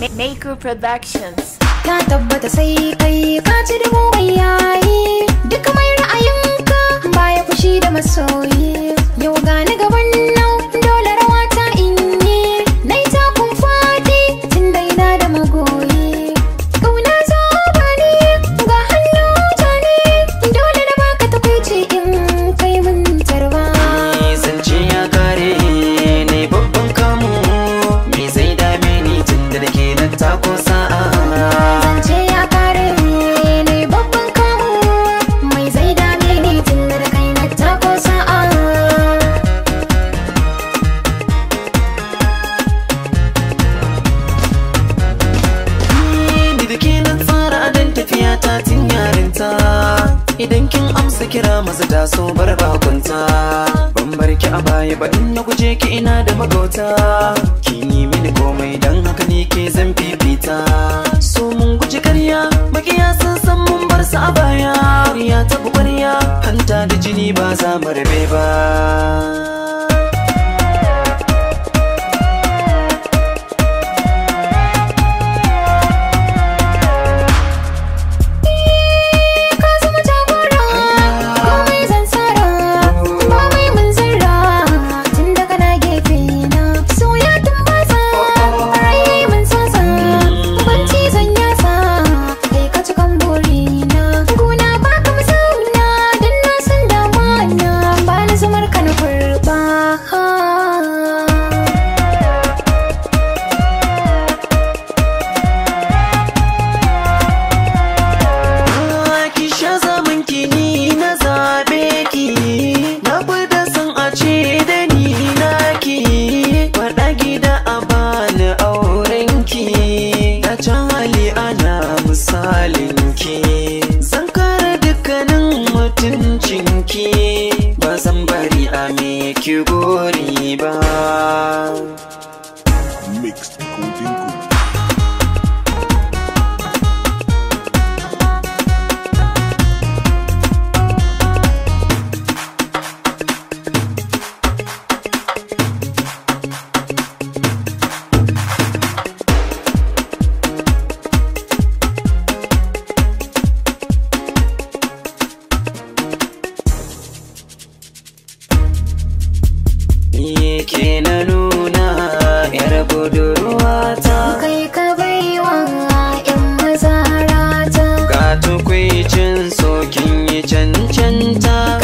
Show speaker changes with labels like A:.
A: Maker Productions. Ka tabbata sai kai ka ci dubu mai yayi, duk mai ra'ayinka baya fushi da masoyi.
B: idan kin amsa kira masu taso so bar ba Ban bar ki a baya ba in na guje ki ina da magauta kin yi mini komai dan haka ni ke zan fifita so mun guji karya makiya sun san mun bar su a baya ta kwarya hanta da jini ba za mu rabe ba ganin mutuncinki ba zan bari a me ki gori ba ke na nuna yar budurwata.
A: kai ka bai baiwa yan mazara
B: ta ga tukwicin sokin yi cancanta